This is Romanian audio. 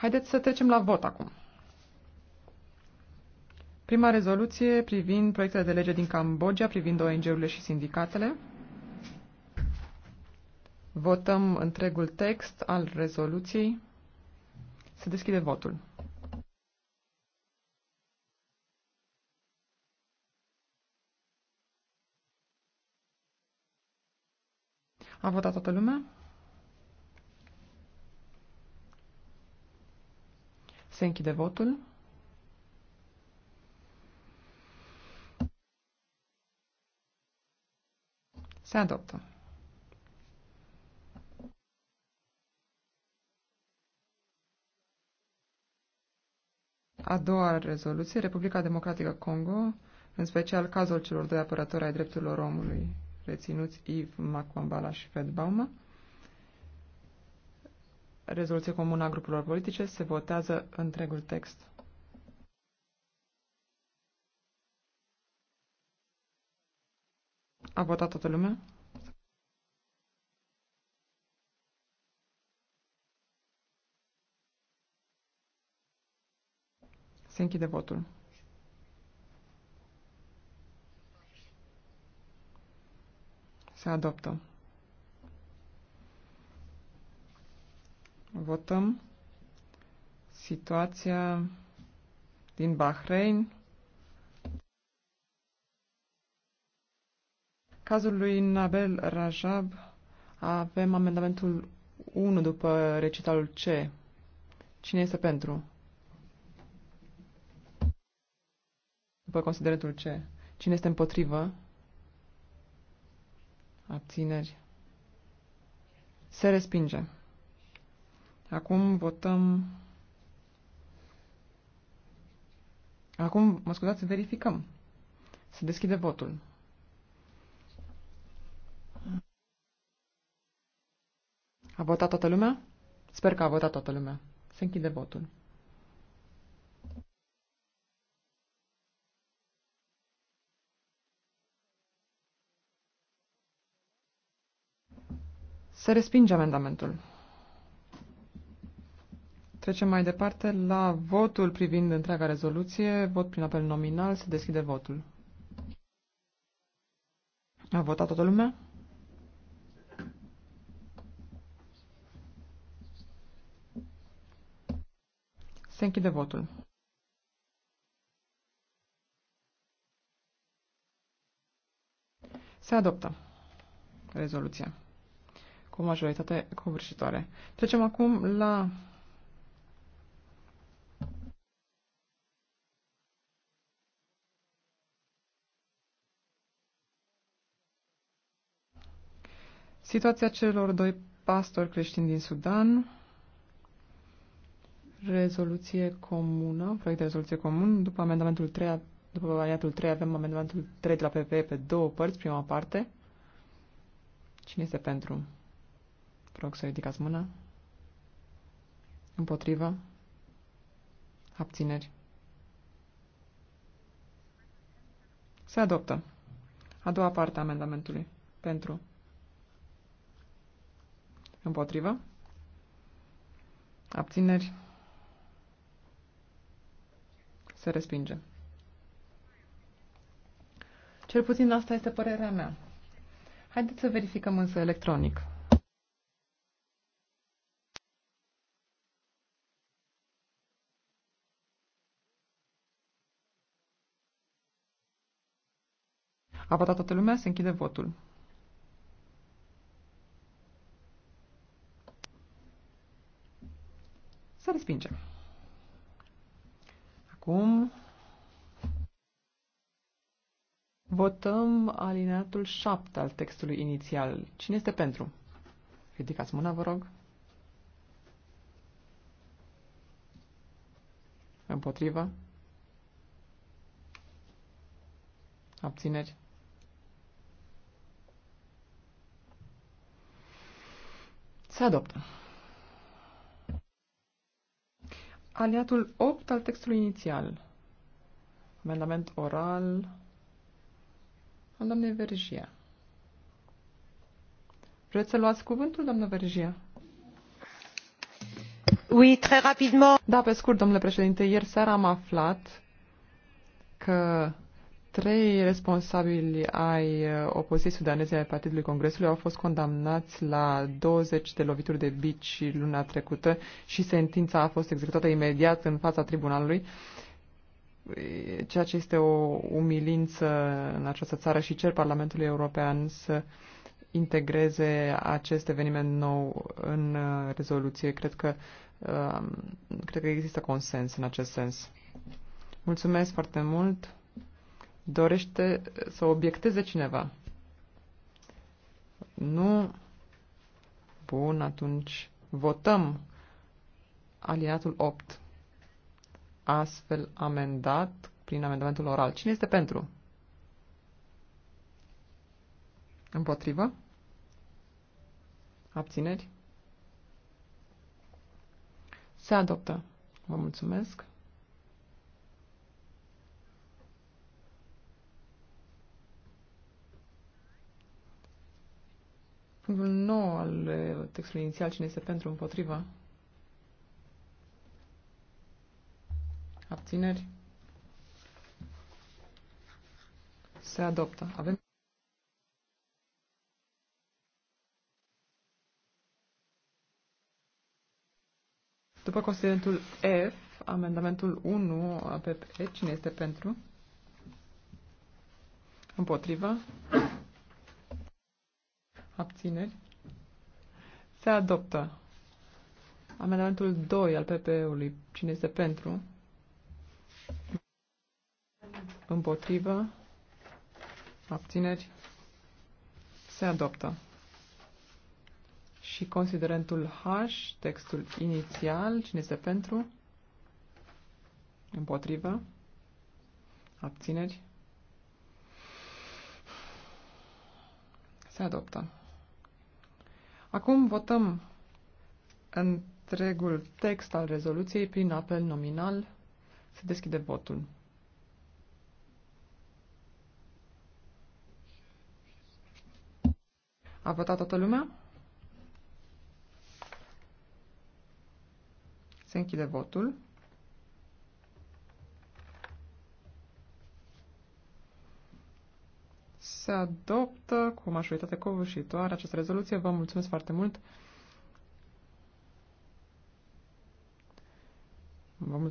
Haideți să trecem la vot acum. Prima rezoluție privind proiectele de lege din Cambodgia, privind ONG-urile și sindicatele. Votăm întregul text al rezoluției. Se deschide votul. A votat toată lumea? Se închide votul. Se adoptă. A doua rezoluție, Republica Democratică Congo, în special cazul celor doi apărători ai drepturilor omului, reținuți Yves Makwambala și Fred Bauma, rezoluție comună a grupurilor politice. Se votează întregul text. A votat toată lumea? Se închide votul. Se adoptă. Votăm situația din Bahrein. Cazul lui Nabel Rajab avem amendamentul 1 după recitalul C. Cine este pentru? După considerentul C. Cine este împotrivă? Abțineri. Se respinge. Acum votăm... Acum, mă scuzați, verificăm. Se deschide votul. A votat toată lumea? Sper că a votat toată lumea. Se închide votul. Se respinge amendamentul. Trecem mai departe la votul privind întreaga rezoluție. Vot prin apel nominal. Se deschide votul. A votat toată lumea? Se închide votul. Se adoptă rezoluția cu majoritate covârșitoare. Trecem acum la Situația celor doi pastori creștini din Sudan, rezoluție comună, proiect de rezoluție comun, după amendamentul 3, după variantul 3 avem amendamentul 3 de la PP pe două părți, prima parte. Cine este pentru? Vă rog să ridicați mâna. Împotrivă. Abțineri. Se adoptă. A doua parte a amendamentului. Pentru. Împotrivă? Abțineri? Se respinge. Cel puțin asta este părerea mea. Haideți să verificăm însă electronic. A votat toată lumea, se închide votul. să respingem. Acum votăm alineatul 7 al textului inițial. Cine este pentru? Ridicați mâna, vă rog. Împotrivă? Abțineri? Se adoptă. Aliatul 8 al textului inițial. Amendament oral al doamnei Vergia. Vreți să luați cuvântul, doamnă Vergia? Oui, très rapidement. Da, pe scurt, domnule președinte, ieri seara am aflat că Trei responsabili ai uh, opoziției sudaneze ai Partidului Congresului au fost condamnați la 20 de lovituri de bici luna trecută și sentința a fost executată imediat în fața tribunalului, ceea ce este o umilință în această țară și cer Parlamentului European să integreze acest eveniment nou în uh, rezoluție. Cred că, um, cred că există consens în acest sens. Mulțumesc foarte mult! dorește să obiecteze cineva. Nu. Bun, atunci votăm aliatul 8 astfel amendat prin amendamentul oral. Cine este pentru? Împotrivă? Abțineri? Se adoptă. Vă mulțumesc. Punctul 9 al uh, textului inițial, cine este pentru, împotrivă? Abțineri? Se adoptă. Avem După considerentul F, amendamentul 1 a cine este pentru? împotriva? Abțineri. Se adoptă. Amendamentul 2 al PPE-ului. Cine este pentru? Împotrivă. Abțineri. Se adoptă. Și considerentul H, textul inițial, cine este pentru? Împotrivă. Abțineri. Se adoptă. Acum votăm întregul text al rezoluției prin apel nominal. Se deschide votul. A votat toată lumea? Se închide votul. se adoptă cu majoritate covârșitoare această rezoluție. Vă mulțumesc foarte mult!